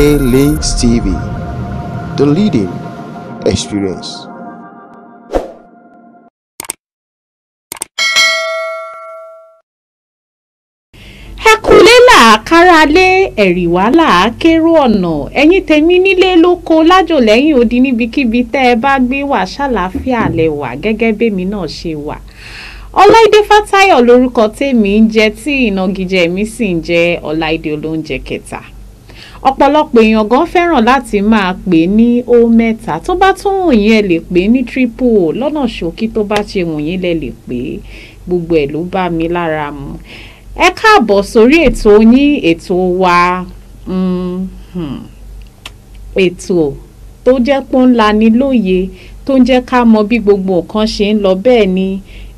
A Links TV, the leading experience. ẹkùnlé làákáralé ẹ̀rìwá làákérò ọ̀nà ẹ̀yin tèmi nílé lóko lájò lẹ́yìn odi níbikíbi tẹ́ ẹ bá gbé wà ṣàlàáfíà lẹ́wà gẹ́gẹ́ bẹ́mi náà ṣe wà ọláìdé fátayọ lórúkọ tèmi ń jẹ tí ìnagijẹ mi sì ń jẹ ọláìdé olóúnjẹ kẹta ọ̀pọ̀lọpọ̀ èèyàn gan fẹ́ràn láti máa pè ní ó mẹ́ta tó bá tún wù yín lè pè ní triple o lọ́nà ṣókí tó bá ṣe wù yín lẹ lè pè é gbogbo ẹ̀ ló bá mi lára mu ẹ káàbọ̀ sórí ètò yín ètò wa mm-hmm, ètò tó jẹ́ pọ́n ńlá ni lóye tó ń jẹ́ ká mọ bí gbogbo nǹkan ṣe ń lọ bẹ́ẹ̀ ni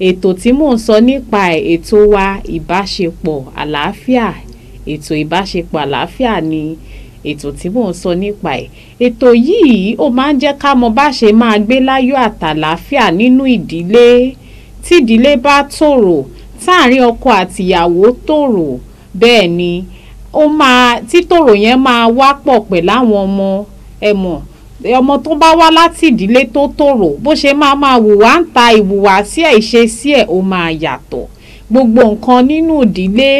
ètò tí mò ń sọ nípa ẹ̀ ètò wa ìbáṣepọ̀ àlàáfíà ètò ìbáṣepọ̀ àlàáfíà ni. Ètò, ètò tí mò ń sọ nípa ẹ̀ ètò yìí ó máa ń jẹ́ ká mọ bá ṣe máa gbé láyọ̀ àtàlàáfíà nínú ìdílé tí ìdílé bá tòrò táàrin ọkọ àtìyàwó tòrò bẹ́ẹ̀ ni ó máa tí tòrò yẹn máa wá pọ̀ pẹ̀lú àwọn ọmọ ẹ mọ̀ ọmọ tó bá wá láti ìdílé tó tòrò bó ṣe máa máa wùwá ń ta ìwùwàsí ẹ̀ ìṣesí ẹ̀ ó máa yàtọ̀ gbogbo nǹkan nínú ìdílé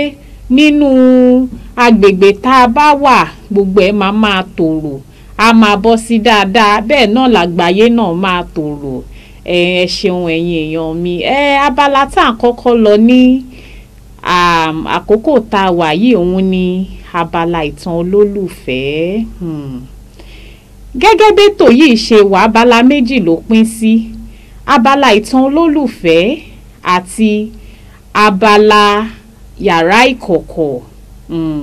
nínú agbègbè tá a bá wà gbogbo ẹ̀ máa máa tòrò a máa bọ́ sí dáadáa bẹ́ẹ̀ náà làgbáyé náà máa tòrò ẹ ẹ ṣeun ẹ̀yin èèyàn mi ẹ abala tá à ń kọ́kọ́ lọ ní àkókò tá a wà yìí òun ni abala ìtàn olólùfẹ́. Hmm gẹ́gẹ́ bẹ́tò yìí ṣe wà abala méjì ló pín sí abala ìtàn olólùfẹ́ àti abala yàrá ìkọ̀kọ̀ mm.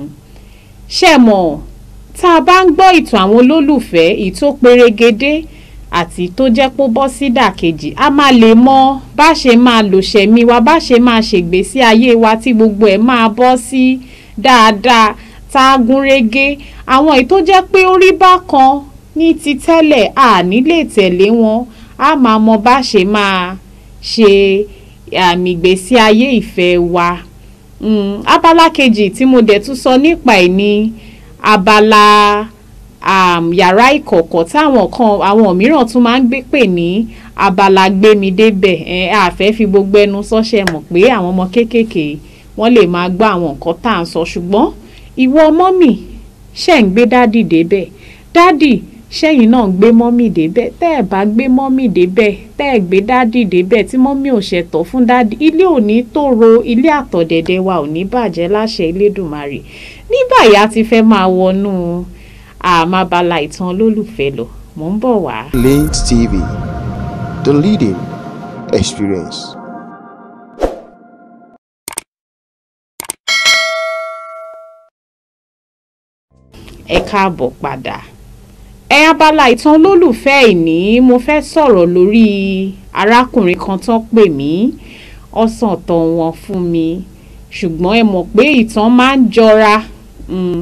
ṣe mọ̀ tá a bá ń gbọ́ ìtàn àwọn olólùfẹ́ èyí tó perégedé àti tó jẹ́ pó bọ́ sí dàkejì a máa lè mọ bá ṣe máa lò ṣẹ̀mí wa bá ṣe máa ṣègbésí ayé wa tí gbogbo ẹ̀ máa bọ́ sí dáadáa tá a gún régé àwọn èyí tó jẹ́ pé ó rí bákan ní ti tẹ́lẹ̀ a ní lè tẹ̀lé wọn a máa mọ bá ṣe máa ṣe àmì ìgbésí ayé ìfẹ́ wa Mm, abala kejì tí mo dẹ̀ tún sọ nípa ẹ̀ ní abala um, yàrá ìkọ̀kọ̀ táwọn kan àwọn mìíràn tún máa ń gbé pè ní abala gbémidébẹ̀ ẹ̀ eh, àfẹ́ fi gbogbo ẹnu sọ́ṣẹ́ mọ̀ pé àwọn ọmọ kéékèèké wọ́n lè máa gbọ́ àwọn nǹkan tá à ń sọ ṣùgbọ́n ìwọ ọmọ mi ṣẹ̀ ń gbé dádì débẹ̀ dádì ṣẹ́yìn náà gbé mọ́mì débẹ̀ tẹ́ ẹ̀ bá gbé mọ́mì débẹ̀ tẹ́ ẹ̀ gbé dádì débẹ̀ tí mọ́mì ò ṣẹ̀tọ́ fún dádì ilé ò ní tòrò ilé àtọ̀dẹ̀dẹ̀ wa ò ní bàjẹ́ láṣẹ Elédùmarè ní báyìí a ti fẹ́ máa wọnú àmàbala ìtàn olólùfẹ́ lọ mò ń bọ̀ wá. Lint TV the leading experience. ẹ káàbọ̀ padà ẹ abala ìtàn olólùfẹ́ ìní mo fẹ́ sọ̀rọ̀ lórí arákùnrin kan tó pè mí ọ̀sán tọ̀ wọ́n fún mi ṣùgbọ́n ẹ mọ̀ pé ìtàn máa ń jọra hmm.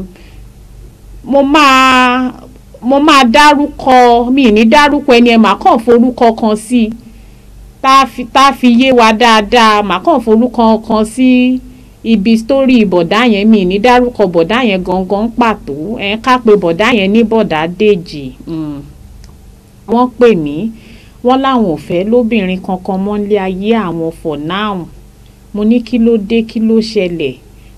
mo máa dárúkọ mi ní dárúkọ ẹni ẹ mà kàn forúkọ kan sí tá a fi yé wa dáadáa mà kàn forúkọ kan sí ibi sítórì bọ̀dá yẹn mi ní dárúkọ bọ̀dá yẹn gangan pàtó ẹ̀ ká pé bọ̀dá yẹn ní bọ̀dá dèjì hmm. wọ́n pè mí wọ́n láwọn ò fẹ́ lóbìnrin kankan mọ́ nílé ayé àwọn for now mo ní kí ló dé kí ló ṣẹlẹ̀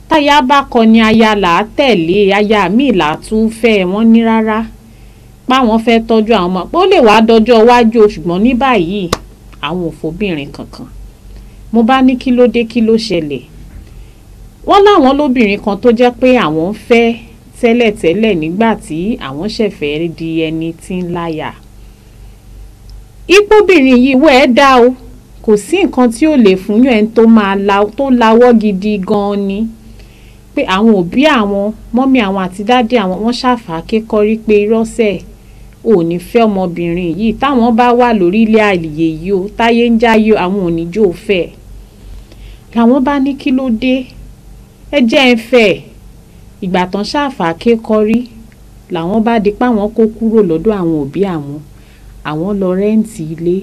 táyà bá kọ ni aya là á tẹ̀lé aya mi là á tún fẹ́ wọ́n ní rárá páwọn fẹ́ tọ́jú àwọn ọmọ pé ó lè wàá dọjọ́ iwájú ṣùgbọ́n ní báyìí àwọn ò fòbìnrin kankan mo bá ní kí ló dé kí ló ṣẹlẹ̀ wọ́n láwọn lóbìnrin kan tó jẹ́ pé àwọn ń fẹ́ tẹ́lẹ̀tẹ́lẹ̀ nígbà tí àwọn ṣẹ̀fẹ̀ di ẹni tí ń láyà ipòbìnrin yìí wẹ́ ẹ́ dá o kò sí nǹkan tí ò lè fún yàn tó máa tó lawọ́ gidi gan-an ni pé àwọn òbí àwọn mọ́mí àwọn àti dáàdì àwọn wọ́n ṣàfà kékọ́rí pé irọ́sẹ̀ ò ní fẹ́ ọmọbìnrin yìí táwọn bá wà lórílẹ̀ àyè yìí o táyé ń jáyé àwọn òníjó fẹ́ làwọn bá ní kí ló dé ẹ jẹ́ ẹ fẹ́ ẹ̀ ìgbà tán ṣáfà ké kọrí làwọn bá di páwọn kó kúrò lọ́dọ̀ àwọn òbí àwọn àwọn lọ rẹ́ǹtì ilé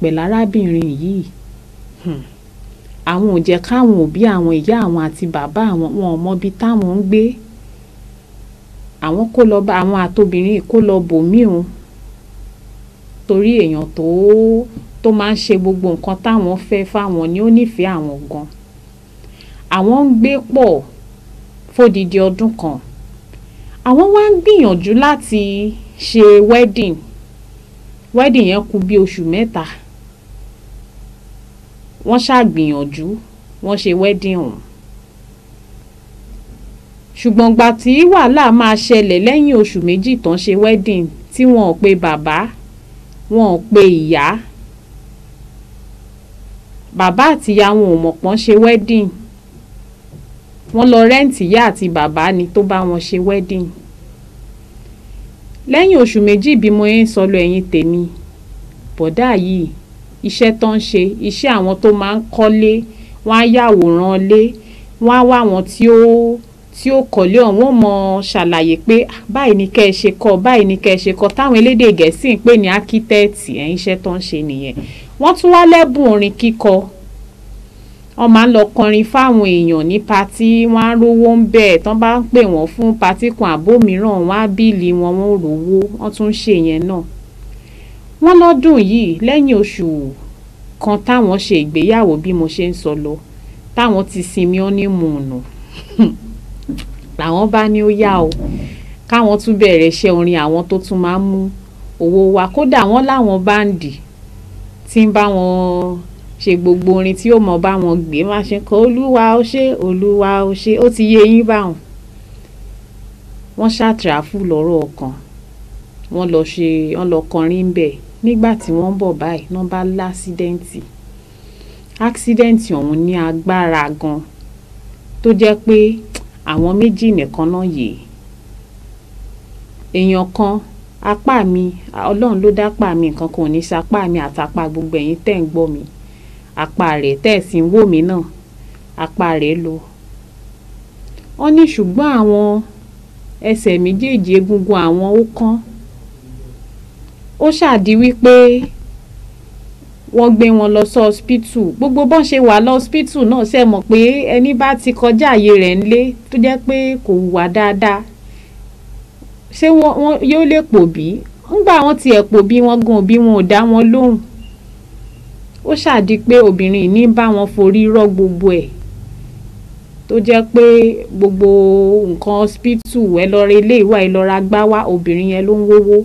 pẹ̀lú arábìnrin yìí hmm. àwọn ò jẹ́ káwọn òbí àwọn ìyá àwọn àti bàbá àwọn wọn ò mọbi táwọn ń gbé àwọn kó lọ bá àwọn àtobìnrin kó lọ bòmí torí èèyàn tó tó máa ń ṣe gbogbo nǹkan táwọn fẹ́ fáwọn ni ó nífẹ̀ẹ́ àwọn gan-an àwọn ń gbé pọ̀ fódìdí ọdún kan àwọn wá ń gbìyànjú láti ṣe wedding wedding yẹn kù bí oṣù mẹ́ta wọ́n ṣàgbìyànjú wọ́n ṣe wedding ọ̀hún ṣùgbọ́n gbà tí wàhálà máa ṣẹlẹ̀ lẹ́yìn oṣù méjì tán ṣe wedding tí wọn ò pe bàbá wọn ò pe ìyá bàbá àtìyá wọn ò mọ̀pọ́n ṣe wedding wọ́n lọ rẹ́ǹtì ìyá àti bàbá ni tó bá wọn ṣe wedding lẹ́yìn oṣù méjì bí mo ń sọlọ ẹ̀yìn tèmi bọ̀dá yìí iṣẹ́ tó ń ṣe iṣẹ́ àwọn tó máa ń kọ́lé wọ́n á yàwòrán lé wọ́n á wá àwọn tí ó tí ó kọ̀lé ọ̀hún wọ́n mọ̀ ṣàlàyé pé báyìí ni kẹ́ ẹ ṣe kọ́ báyìí ni kẹ́ ẹ ṣe kọ́ táwọn elédè gẹ̀ẹ́sì ń pè ní ákítẹ́ẹ̀tì ẹ̀yìn iṣẹ́ tó ń ṣe nìyẹn wọ́n tún wá lẹ́bùn orin kíkọ wọ́n máa ń lọ kọrin fáwọn èèyàn ní patí wọ́n á rówó ń bẹ̀ tán bá ń pè wọ́n fún patí kan àbó mìíràn wọ́n á bíìlì wọn wọ́n rówó wọ́n tún ń ṣe yẹn náà. wọ́n lọ́dún yìí lẹ́yìn oṣù kan táwọn ṣe ìgbéyàwó bí mo ṣe ń sọ lọ táwọn ti sinmi ọ́nímùnù làwọn bá ní ó yá o káwọn tún bẹ̀rẹ̀ iṣẹ́ orin àwọn tó tún máa ń mú owó wá kódà wọ́n láwọn báǹdì tí ń bá wọn ṣe gbogbo orin tí ó mọ bá wọn gbé má ṣe kọ olúwa ó ṣe olúwa ó ṣe ó ti yé yín báwọn wọ́n ṣàtìráfù lọ́rọ̀ ọkàn wọ́n lọ ṣe wọ́n lọ kọrin ń bẹ̀ nígbà tí wọ́n ń bọ̀ báyìí wọ́n bá lásídẹ́ǹtì ásídẹ́ǹtì ọ̀hún ní agbára gan tó jẹ́ pé àwọn méjì nìkan náà yè èèyàn kan apá mi ọlọ́run ló dápá mi nǹkan kan ní sapá mi àtàpá gbogbo ẹ̀yin tẹ́ ń gbọ́ mi apá rẹ̀ tẹ̀sí ń wò mí náà apá rẹ̀ lo ó ní ṣùgbọ́n àwọn ẹsẹ̀ méjèèjì egungun àwọn ó kán ó ṣàdí wípé wọ́n gbé wọn lọ sí ọsibítù gbogbo bọ́n ṣe wà lọ ọsibítù náà ṣe mọ̀ pé ẹni bá ti kọjá àyè rẹ̀ ńlé tó jẹ́ pé kò hùwà dáadáa ṣé wọ́n yóò lè pò bí ńgbà wọ́n tiẹ̀ pò bí wọ́n gan òbí wọn ò dá wọn lóhùn ó ṣàdí pé obìnrin yìí ní bá wọn forí rọ gbogbo ẹ̀ tó jẹ́ pé gbogbo nǹkan hospital ẹ lọ ra ilé ìwà ẹ lọ ra gbá wá obìnrin yẹn ló ń wówó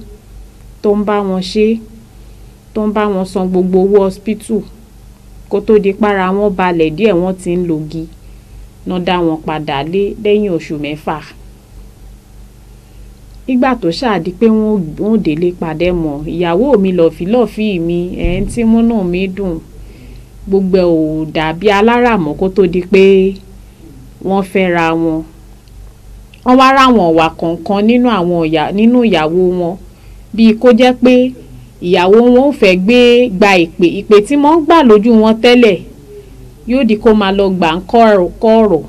tó ń bá wọn ṣe tó ń bá wọn san gbogbo owó hospital kó tó di para wọn balẹ̀ díẹ̀ wọ́n ti ń lògì náà dá wọn padà lé lẹ́yìn oṣù mẹ́fà ìgbà tó ṣáàdì pé wọn ò délé padà mọ́ ìyàwó mi lọ́ọ̀fì lọ́ọ̀fì mi ẹ̀ ń tí múnú mi dùn gbogbo ẹ̀ ò dàbí aláràmọ́ kó tó di pé wọ́n fẹ́ra wọn wọ́n wá ráwọn ọ̀wà kọ̀ọ̀kan nínú àwọn nínú ìyàwó wọn bíi kó jẹ́ pé ìyàwó wọn ò fẹ́ gbé gba ìpè ìpè tí wọ́n ń gbà lójú wọn tẹ́lẹ̀ yóò di kó máa lọ gbà ń kọ́ ọ̀rọ̀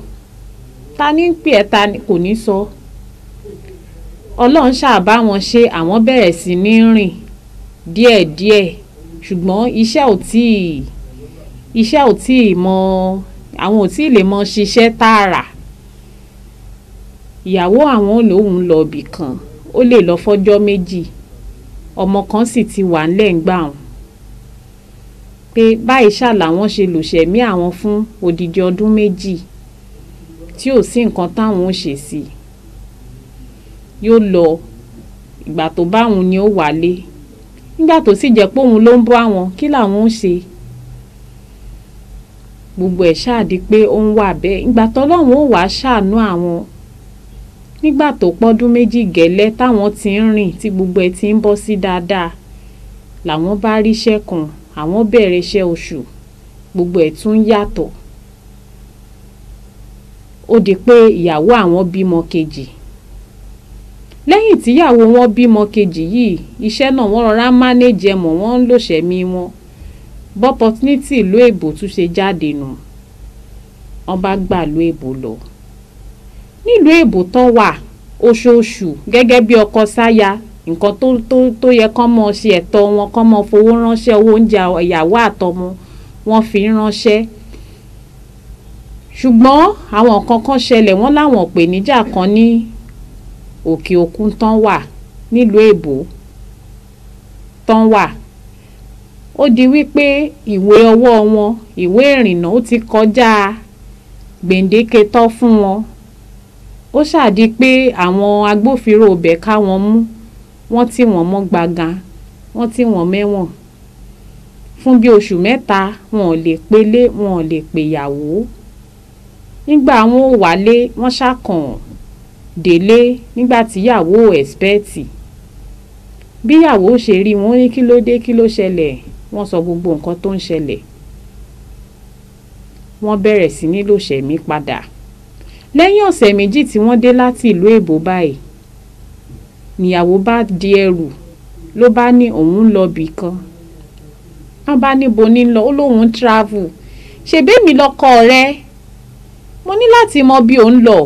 ta ní pè ẹ́ ta kò ní sọ. So ọlọ́run ṣáà bá wọn ṣe àwọn bẹ̀rẹ̀ sí ní rìn díẹ̀díẹ̀ ṣùgbọ́n iṣẹ́ ò tíì iṣẹ́ ò tíì mọ àwọn ò tíì lè mọ ṣiṣẹ́ tààrà ìyàwó àwọn olóhùn lọ ibì kan ó lè lọ fọ́jọ́ méjì ọmọ kan sì ti wà ńlẹ̀ ń gbà wọn pé báyìí ṣáà làwọn ṣe lòṣẹ̀mí àwọn fún odidi ọdún méjì tí ò sí nǹkan táwọn ò ṣe sí i yóò lọ ìgbà tó bá òun ni ó wálé nígbà tó sì jẹ́ pé òun ló ń bọ́ àwọn kí làwọn ń ṣe gbogbo ẹ̀ ṣáàdí pé ó ń wà bẹ́ẹ̀ ìgbà tọ́lọ́run ó wá ṣàánú àwọn nígbà tó pọ́dún méjì gẹ́lẹ́ táwọn ti ń rìn tí gbogbo ẹ̀ ti ń bọ́ sí dáadáa làwọn bá ríṣẹ́ kan àwọn bẹ̀rẹ̀ iṣẹ́ oṣù gbogbo ẹ̀ tún yàtọ̀ ó di pé ìyàwó àwọn bímọ kejì lẹ́yìn tíyàwó wọn bímọ kejì yìí iṣẹ́ náà wọ́n rọra mánéjì ẹ̀mọ́ wọn ń lòṣẹ̀mí wọn bọ́pọ̀tunítì ìlú èbò tún ṣe jáde nù wọ́n bá gbà ìlú èbò lọ. nílùú èbò tán wà oṣooṣù gẹ́gẹ́ bí ọkọ sáya nǹkan tó yẹ kán mọ ṣe ẹ̀tọ́ wọn kán mọ fowó ránṣẹ́ owó oúnjẹ ìyàwó àtọmọ wọn fi ń ránṣẹ́ ṣùgbọ́n àwọn kankan ṣẹlẹ̀ wọ́n láwọn òpèníjà kan ní òkè òkun tán wà nílùú èbó tán wà ó di wípé ìwé ọwọ́ wọn ìwé ìrìnnà ó ti kọjá gbèǹdéke tó fún wọn ó ṣàdí pé àwọn agbófinró ibẹ̀ ká wọn mú wọ́n tì wọ́n mọ́ gbagan wọ́n tì wọ́n mẹ́wọ̀n fún bí oṣù mẹ́ta wọn ò lè pélé wọn ò lè pèyàwó nígbà wọn ò wálé wọ́n ṣàkàn délé nígbà tíyàwó ẹ̀sìpẹ́ẹ̀tì bíyàwó ṣe rí wọn ní kí ló dé kí ló ṣẹlẹ̀ wọ́n sọ gbogbo nǹkan tó ń ṣẹlẹ̀ wọ́n bẹ̀rẹ̀ sí ní lò ṣẹ̀mí padà lẹ́yìn ọ̀sẹ̀ méjì tí wọ́n dé láti ìlú èbó báyìí níyàwó bá di ẹrù ló bá ní òun ń lọ bì kan wọ́n bá níbo ní lọ ó lóun ń travel ṣèbémi lọkọ rẹ mo ní láti mọ bí òun lọ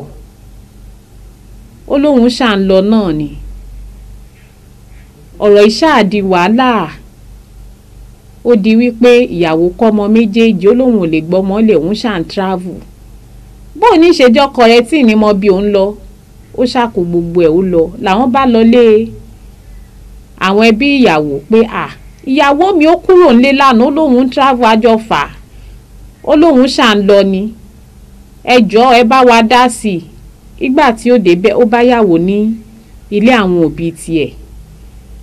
ó lóun ṣáà ń lọ náà ni ọ̀rọ̀ ìṣáà di wàhálà ó di wípé ìyàwó kọ́mọ méjèèjì ó lóun ò lè gbọ́mọ lè òun ṣáà ń travel bó o ní ìṣèjọ́ kọ̀rẹ́ tí ní mọ bí òun lọ ó ṣàkó gbogbo ẹ̀ ó lọ làwọn bá lọ lé àwọn ẹbí ìyàwó pé à ìyàwó mi ó kúrò nílé lánàá ó lóun ń travel àjọ fà ó lóun ṣáà ń lọ ni ẹ ẹ bá wa dá sí i ìgbà tí ó débẹ̀ ó bá yàwó ní ilé àwọn òbí tiẹ̀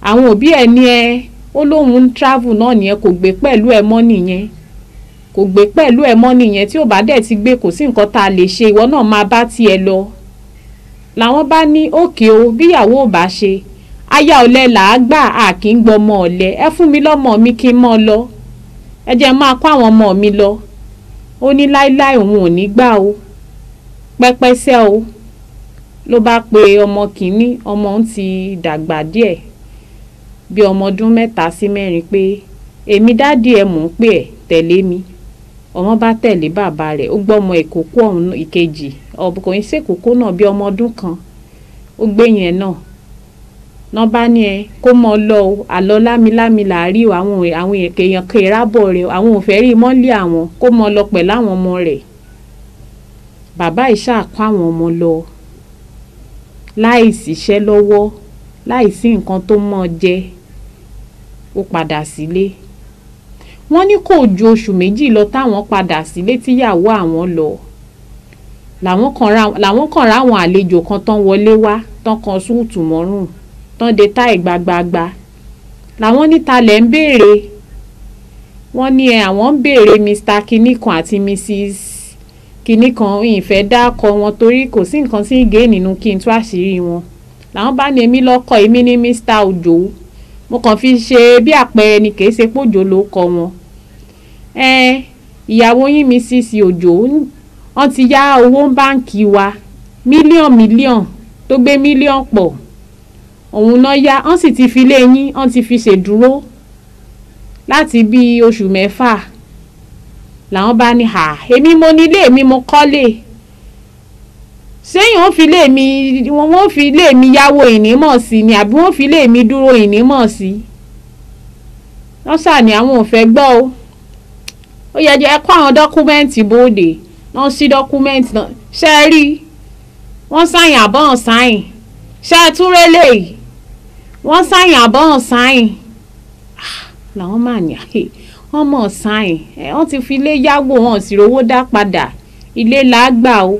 àwọn òbí ẹ̀ ní ẹ ó lóun ń travel náà nìyẹn kò gbé pẹ̀lú ẹ mọ́ nìyẹn kò gbé pẹ̀lú ẹ mọ́ nìyẹn tí ò bá dẹ̀ ti gbé kò sí nǹkan tá a lè ṣe ìwọ náà máa bá tiẹ̀ lọ làwọn bá ní òkè o bíyàwó ò bá ṣe aya ọ̀lẹ làá gbà á kì í gbọmọ ọ̀lẹ ẹ fún mi lọ́mọ mi kí n mọ́ lọ ẹ jẹ́ máa kó àwọn ọmọ mi lọ ó ní láíláí òun ò ní gbà o pẹ́pẹ́sẹ́ o ló bá pe ọmọ kìíní ọmọ ń ti dàgbà díẹ̀ bí ọmọ ọdún mẹ́ta sí mẹ́rin pé èmi dádì ẹ mò ń pè ẹ́ tẹ̀lé mi ọmọ bá tẹ̀lé bàbá rẹ̀ ó gbọ́mọ ìkókó ọ̀hún ìkejì ọkùnrin ṣèkókó náà bí ọmọ ọdún kan ó gbé yẹn náà náà bá ní ẹ kó mọ lọ o àlọ lámilámi là o àwọn àwọn èèyàn kéèrà bọ̀ rẹ àwọn ò rí mọ́lẹ̀ àwọn kó mọ lọ pẹ̀lú àwọn ọmọ rẹ̀ bàbá ìṣáà kó àwọn ọmọ lọ láì síṣẹ́ lọ́wọ́ láì sí nǹkan tó mọ̀ jẹ ó padà sílé wọ́n ní kò ju oṣù méjì lọ táwọn padà sílé tíyàwó àwọn lọ làwọn kan ráwọn àlejò kan tán wọlé wá tán kan súùtù mọ́rùn tán de táì gbagbagba làwọn níta lẹ̀ ń béèrè wọ́n ní àwọn ń béèrè Mr. kinní kan àti Mrs kinní kan ìfẹ́ dákọ wọn torí kò sí nǹkan sí ìgé nínú kí n tú àṣírí wọn làwọn bá ní èmi lọ́kọ̀ èmi ní Mr. Òjó mo kàn fi ṣe bí àpẹẹrẹ ni kìí ṣe pòjò ló kọ wọn. ẹ ìyàwó yín Mrs. Òjó wọn ti yá owó báǹkì wa mílíọ̀n mílíọ̀n tó gbé mílíọ̀n pọ̀ òun náà yá wọn sì ti fi lé yín wọn ti fi ṣèdúró láti bíi oṣù mẹ́fà làwọn bá ní hà èmi mo ní ilé mi mo kọ́lé sẹ́yìn wọ́n fi ilé mi wọ́n fi ilé mi yáwó ìnímọ̀ sí ni àbí wọ́n fi ilé mi dúró ìnímọ̀ sí wọ́n sà ní àwọn ò gbọ́ o ó yẹ jẹ́ kó àwọn dọ́kúmẹ́ǹtì bóde wọ́n sí dọ́kúmẹ́ǹtì náà ṣe é rí wọ́n sáyìn àbọ̀n sáyìn ṣe é tún rélé yìí wọ́n sáyìn àbọ̀n sáyìn ah, làwọn máa ní àyè wọ́n mọ̀ sáìn ẹ̀ wọ́n ti fi ilé yáwó hàn sí rówó dá padà ilé là á gbà o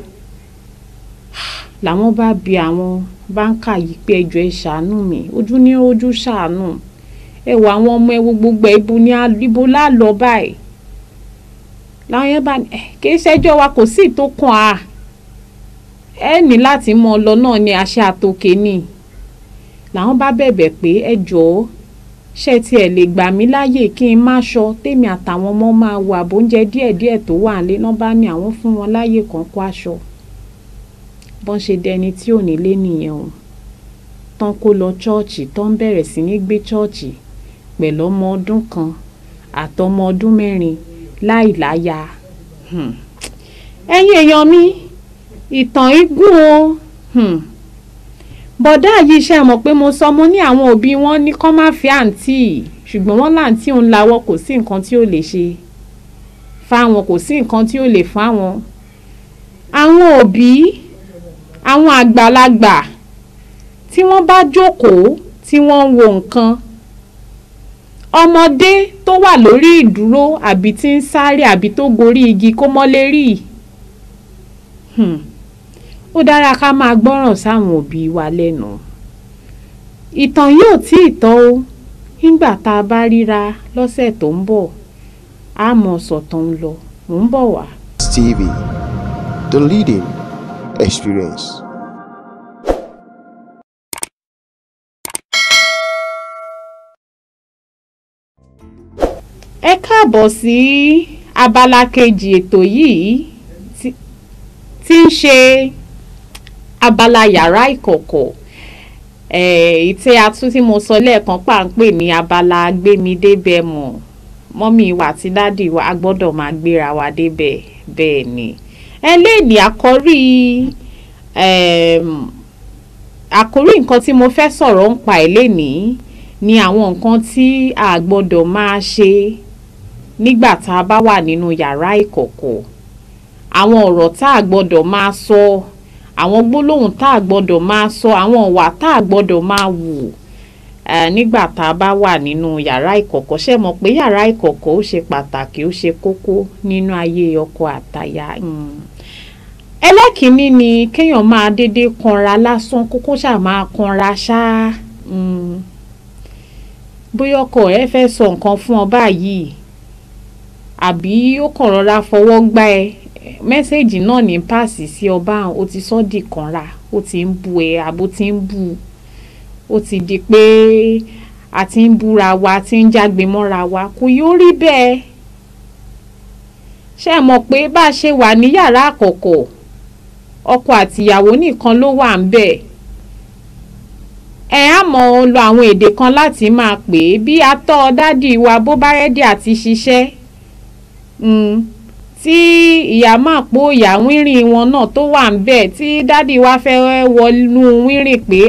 làwọn bá bi àwọn báńkà yìí pé ẹjọ́ ẹ ṣàánú mi ojú ní ojú ṣàánú ẹ wọ àwọn ọmọ ẹ wo gbogbo ẹ ibo lá lọ báyìí làwọn yẹn bá kì í ṣẹjọ́ wa kò sí tó kàn á ẹ ní láti mọ ọ lọ náà ni àṣà ni làwọn bá bẹ̀bẹ̀ pé ẹ jọ̀ọ́ ṣé tiẹ̀ lè gbà mí láàyè kí n má ṣọ tèmi àtàwọn ọmọ máa wà bóúnjẹ díẹ̀díẹ̀ tó wà nílé náà bá ní àwọn fún wọn láàyè kan kó aṣọ bọ́n ṣe dẹni tí ò nílé nìyẹn o tán kó lọ ṣọ́ọ̀ṣì tán bẹ̀rẹ̀ sí ní gbé ṣọ́ọ̀ṣì pẹ̀lú ọmọ ọdún kan àtọmọ ọdún mẹ́rin láìláya hmm. ẹ̀yin èèyàn mi ìtàn igun o. Hmm bọ̀dá yìí ṣe mọ̀ pé mo sọ mo ní àwọn òbí wọn ní kó má fi àǹtí ṣùgbọ́n wọ́n láǹtí òun lawọ́ kò sí nǹkan tí ó lè ṣe fáwọn kò sí nǹkan tí ó lè fáwọn. àwọn òbí àwọn àgbàlagbà tí wọ́n bá jókòó tí wọ́n ń wo nǹkan ọmọdé tó wà lórí ìdúró àbí tí ń sáré àbí tó gorí igi kó mọ́lé rí. Hmm ó dára ká máa gbọ́ràn sáwọn òbí wa lẹ́nu ìtàn yóò tí ì tán o nígbà tá a bá ríra lọ́sẹ̀ tó ń bọ̀ á mọ sọ̀tàn ń lọ mò ń bọ̀ wá. TV, the leading experience. ẹ káàbọ̀ sí abala kejì ètò yìí tí ń ṣe abala yàrá ìkọ̀kọ̀ ìtẹ́ atún tí mo sọ lẹ́ẹ̀kan pàǹpẹ́ ní abala gbémidé bẹ́ẹ̀ mọ̀ mọ́mí wa àti dádì wa a gbọ́dọ̀ máa gbéra wa débẹ̀ bẹ́ẹ̀ ni ẹlẹ́ẹ̀ni àkọ́rí àkórí nǹkan tí mo fẹ́ sọ̀rọ̀ ń pa ẹ̀ lénìí ni àwọn nǹkan tí a gbọ́dọ̀ máa ṣe nígbà tá a bá wà nínú yàrá ìkọ̀kọ̀ àwọn ọ̀rọ̀ tá a gbọ́dọ̀ máa sọ so, àwọn gbólóhùn tá a gbọ́dọ̀ máa sọ àwọn ìwà tá a gbọ́dọ̀ máa wù nígbà tá a bá wà nínú yàrá ìkọ̀kọ̀ ṣe mọ̀ pé yàrá ìkọ̀kọ̀ ó ṣe pàtàkì ó ṣe kókó nínú ayé ọkọ àtàyà hmm. ẹlẹ́kìnní ni kéèyàn máa dédé kanra lásán kókó ṣáà máa kanra ṣáá hmm. bóyá ọkọ ẹ fẹ́ sọ nǹkan fún ọ báyìí àbí ó kàn rọra fọwọ́ gbá ẹ mẹ́sẹ̀gì náà ní páàsì sí ọba ó ti sọ́ di kanra ó ti ń bu ẹ àbó ti ń bu ó ti di pé a ti ń búra wa a ti ń jágbe mọ́ra wa kò yóò rí bẹ́ẹ̀ ṣe mọ̀ pé bá a ṣe wà ní yàrá àkọ́kọ́ ọkọ àtìyàwó nìkan ló wà ń bẹ̀ ẹ á mọ̀ ọ́n lo àwọn èdè kan láti máa pè é bí atọ́ dádì wa bó bá rẹ́dí àti ṣiṣẹ́ hmm tí ìyá máa po ìyá wínrìn wọn náà tó wà ń bẹ̀ tí dádì wa fẹ́ wọnú wínrìn pé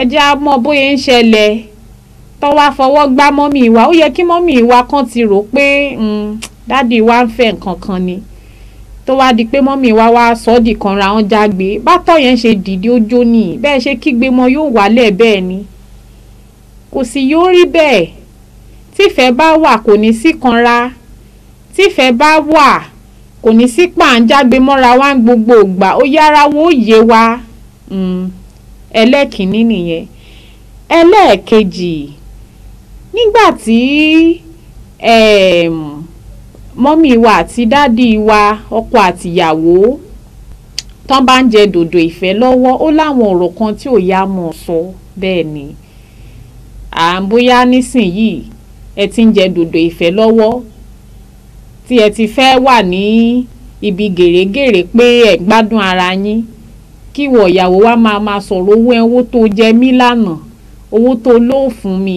ẹja mọ bóyá ń ṣẹlẹ̀ tó wá fọwọ́ gbá mọ́mì wa ó yẹ kí mọ́mì wa kan ti rò pé hmm, dádì wa ń fẹ́ nǹkan kan ni tó wá di pé mọ́mì wa wá sọ ọ́ di kan ra wọn jágbe bátọ̀ yẹn ṣe dìde ọjọ́ ni bẹ́ẹ̀ ṣe kígbe mọ́ yóò wálẹ̀ bẹ́ẹ̀ ni kò sì yóò rí bẹ́ẹ̀ tífẹ̀ẹ́ bá wà kò ní sí kanra tífẹ̀ẹ́ bá wà kò ní sí pàǹjágbe mọ́ra wa gbogbo ìgbà ó yára wo òye wa hmm, ẹlẹ́kìnní nìyẹn ẹlẹ́ẹ̀kejì nígbà tí mọ́mí wa àti dádì wa ọkọ àtìyàwó tán bá ń jẹ dòdò ìfẹ́ lọ́wọ́ ó láwọn ọ̀rọ̀ kan tí ò yá mọ̀ sọ bẹ́ẹ̀ ni à ń bóyá nísìnyìí ẹ ti ń jẹ dòdò ìfẹ́ lọ́wọ́ tí ẹ ti fẹ́ wà ní ibi gèrègèrè pé ẹ gbádùn ara yín kí ìwọ ìyàwó wa máa máa sọ̀rọ̀ owó ẹ owó tó jẹ mí lánàá owó tó lò fún mi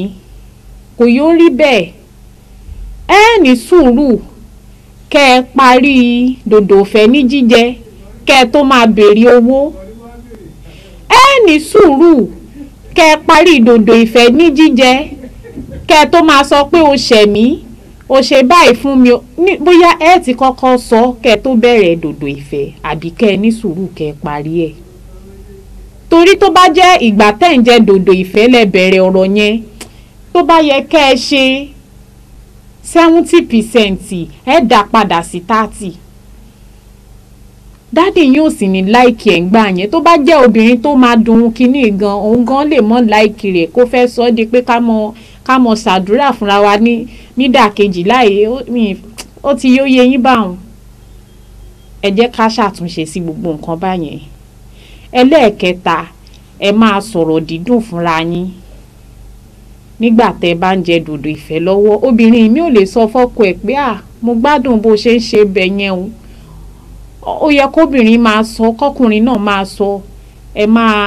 kò yóò rí bẹ́ẹ̀ ẹ ní sùúrù kẹ́ ẹ parí dòdòfẹ́ ní jíjẹ kẹ́ ẹ tó máa béèrè owó ẹ ní sùúrù kẹ́ ẹ parí dòdò ìfẹ́ ní jíjẹ kẹ́ ẹ tó máa sọ pé o ṣẹ̀ o ṣe báyìí fún mi ní bóyá ẹ ti kọ́kọ́ sọ kẹ́ tó bẹ̀rẹ̀ dòdò ìfẹ́ àbí kẹ́ ẹ ní sùúrù kẹ́ ẹ parí ẹ̀ torí tó bá jẹ́ ìgbà tẹ̀ ń jẹ dòdò ìfẹ́ lẹ bẹ̀rẹ̀ ọ̀rọ̀ yẹn tó bá yẹ kẹ́ ẹ ṣe seventy percent ẹ dá padà sí thirty dáàdì yóò sì ní láìkì ẹ̀ ń gbà yẹn tó bá jẹ́ obìnrin tó máa dùn kínní gan òun gan lè mọ́ láìkì rẹ̀ kó fẹ́ sọ ọ́ di pé ká mọ ká mọ̀ ṣàdúrà fúnra wa ní nídàkejì láàyè ó ti yóò yé yín báwọn ẹ jẹ́ ká ṣàtúnṣe sí gbogbo nǹkan báyẹn ẹlẹ́ẹ̀kẹta ẹ máa sọ̀rọ̀ dídùn fúnra yín nígbà tẹ́ bá ń jẹ dòdò ìfẹ́ lọ́wọ́ obìnrin mi ò lè sọ fọ́kọ ẹ̀ pé à mo gbádùn bó ṣe ń ṣe bẹ̀ yẹn o ó yẹ kóbìnrin máa sọ kọkùnrin náà máa sọ ẹ máa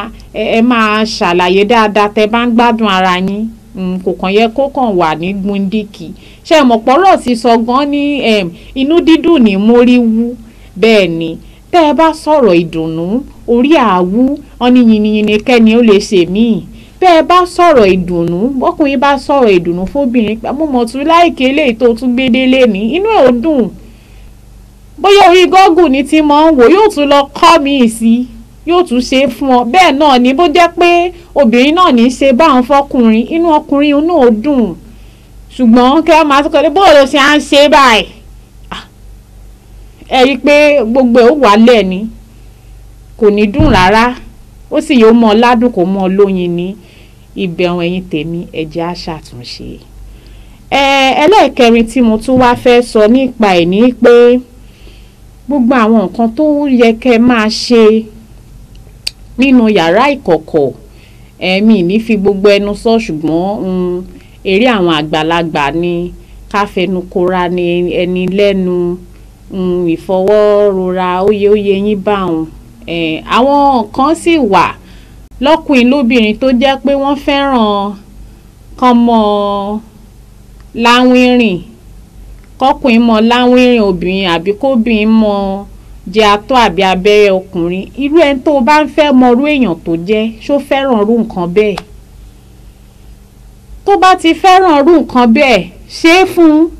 ẹ máa ṣàlàyé dáadáa tẹ́ bá ń gbádùn ara yín Mm, kò kàn yẹ kó kàn wà ní gbundiki ṣe mọ̀pọ̀rọ̀ sí sọ gan ní inú dídùn ní mórí wú bẹ́ẹ̀ ni tẹ́ ẹ bá sọ̀rọ̀ ìdùnnú orí àwú wọn ní yìnyínní kẹ́ni ó lè ṣe míì bẹ́ ẹ bá sọ̀rọ̀ ìdùnnú bọ́kùnrin bá sọ̀rọ̀ ìdùnnú fóbìnrin pé mo mọ̀ tún láìké eléyìí tó tún gbé délé ní inú ẹ̀ ò dùn bóyá orí gọ́gùn ni ti máa ń wò yóò tún lọ kọ́ mi sí i yóò tún ṣe é fún ọ bẹ́ẹ̀ náà ni bó jẹ́ pé obìnrin náà ní í ṣe báwọn fọkùnrin inú ọkùnrin inú ò dùn ṣùgbọ́n kí wọ́n máa tó kọ́lé bóòlù ṣe à ń ṣe báyìí ẹ rí i pé gbogbo ẹ̀ ó wálẹ̀ ni kò ní dùn rárá ó sì yóò mọ ládùn kó mọ lóyin ní ìbẹ̀rùn ẹ̀yìn tèmi ẹ̀jẹ̀ á ṣàtúnṣe ẹlẹ́ẹ̀kẹrin tí mo tún wá fẹ́ sọ nípa ẹ̀ ní pé gbogbo àwọn nǹkan tó yẹ kẹ́ máa ṣe nínú yàrá ìkọ̀kọ̀ èmi ní fi gbogbo ẹnu sọ ṣùgbọ́n um, eré àwọn àgbàlagbà ni ká fẹnu kora ni ẹni lẹ́nu um, ìfọwọ́rora óye óye yín bá wọn. àwọn kan sì wà lọ́kùnrin lóbìnrin tó jẹ́ pé wọ́n fẹ́ràn kán mọ́ láwìn rìn kọ́kùnrin mọ́ láwìn rìn obìnrin àbí kóbìnrin mọ́ ọ́ jẹ́ atọ́ àbí abẹ́rẹ́ ọkùnrin irú ẹni tó o bá ń fẹ́ mọ irú èèyàn tó jẹ́ ṣó fẹ́ràn irú nǹkan bẹ́ẹ̀ tó bá ti fẹ́ràn irú nǹkan bẹ́ẹ̀ ṣe fún un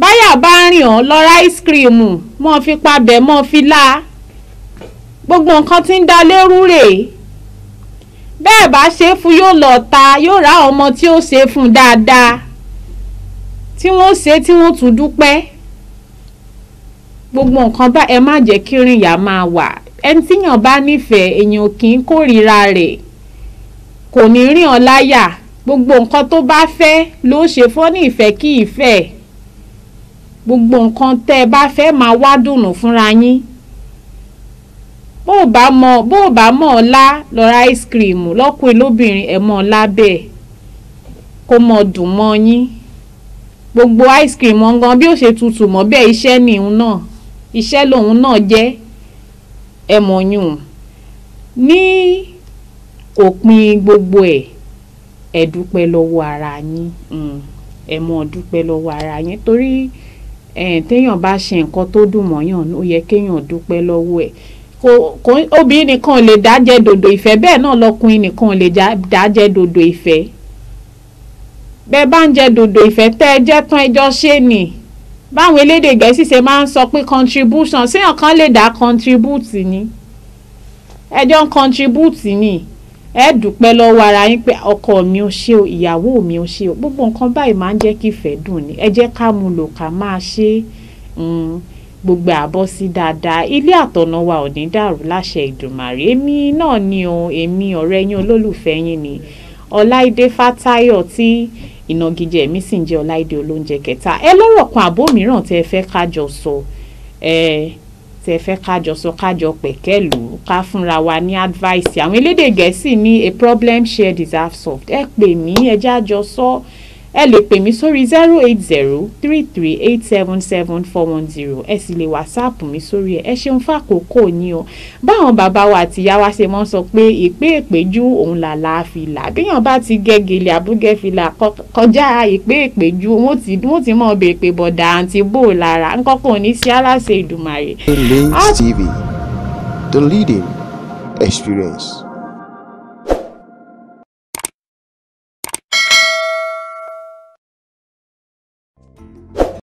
báyà bá rìn ọ́ lọ́ra ice cream mọ́ fi pabẹ̀ mọ́ fi lá gbogbo nǹkan tí ń dá lérú rèé bẹ́ẹ̀ bá ṣe é fún yóò lọ ta yóò rá ọmọ tí ó ṣe é fún dáadáa tí wọ́n ṣe tí wọ́n tún dúpẹ́ gbogbo nǹkan bá ẹ má jẹ́ kí rìnyà máa wà ẹni tíyàn bá nífẹ̀ẹ́ èèyàn kì í kórìíra rẹ̀ kò ní rìn ọ́ láyà gbogbo nǹkan tó bá fẹ́ ló ṣe fọ́nì ìfẹ́ kí ìfẹ́ gbogbo nǹkan tẹ́ ẹ bá fẹ́ máa wá dùnú fúnra yín bó o bá mọ bó o bá mọ ọlá lọ́ra ice cream lọ́kùnrin lóbìnrin ẹ̀ mọ ọlá bẹ́ẹ̀ kó mọ dùn mọ́ yín gbogbo ice cream ọ̀ngàn bí ó ṣe tutù mọ́ bẹ́ẹ̀ iṣẹ́ nìyún náà iṣẹ́ lòun náà jẹ́ ẹ̀mọ̀yún ní òpin gbogbo ẹ̀ ẹ dúpẹ́ lọ́wọ́ ara yín hmm, ẹ mọ̀ dúpẹ́ lọ́wọ́ ara yín torí téèyàn bá ṣe nǹkan tó dùn mọ́yàn ó yẹ kéèyàn dúpẹ́ lọ́wọ́ ẹ̀ kò obìnrin nìkan lè dájẹ́ dòdò ìfẹ́ bẹ́ẹ̀ náà lọkùnrin nìkan lè dájẹ́ dòdò ìfẹ́ bẹ́ẹ̀ bá ń jẹ dòdò ìfẹ́ tẹ́ ẹ jẹ́ tán ẹjọ́ ṣé nìí báwọn elédè gẹ̀ẹ́sì ṣe máa ń sọ pé contribution séèyàn kan lè dá contribute ni ẹjọ́ ń contribute ni ẹ dúpẹ́ lọ́wọ́ ara yín pé ọkọ mi ò ṣe o ìyàwó mi ò ṣe o gbogbo nǹkan báyìí máa ń jẹ́ kí ìfẹ́ dùn ni ẹ jẹ́ ká mu lò ká máa ṣe hmm, gbogbo àbọ̀ sí dáadáa ilé àtọ̀nà wa ò ní dàrú láṣẹ ìdùmàrè èmi náà ni o èmi ọ̀rẹ́ yín olólùfẹ́ yín ni Ọláìdé Fátáyọ̀ tí. Mm ìnagijẹ mi sì ń jẹ́ ọláìdé olóúnjẹ kẹta ẹ lọ́rọ̀ kan àbó mìíràn tẹ́ ẹ fẹ́ kájọ sọ ẹ tẹ́ ẹ fẹ́ kájọ sọ kájọ pẹ̀kẹ́lù ká fúnra wa ní advice àwọn elédè gẹ̀ẹ́sì ní a problem share is half solved ẹ pè mí ẹ jájọ sọ. So, ẹ lè pè mí sórí zero eight zero three three eight seven seven four one zero ẹ sì lè wàsáàpù mi sórí ẹ ẹ ṣeun fàkókò ni o báwọn bàbá wa àti ìyá wa ṣe máa ń sọ pé ìpè ìpèjú òun làlà àfìlà bíyàn bá ti gẹ́gẹ́lì àbúgẹ́fìlà kọjá ìpè ìpèjú wọn ti wọn ti mọ̀ bèè pé bọ̀dà àǹtí bò lára nkọ́kọ́ ní sí aláṣẹ Èdùmàrè. Links TV, the leading experience.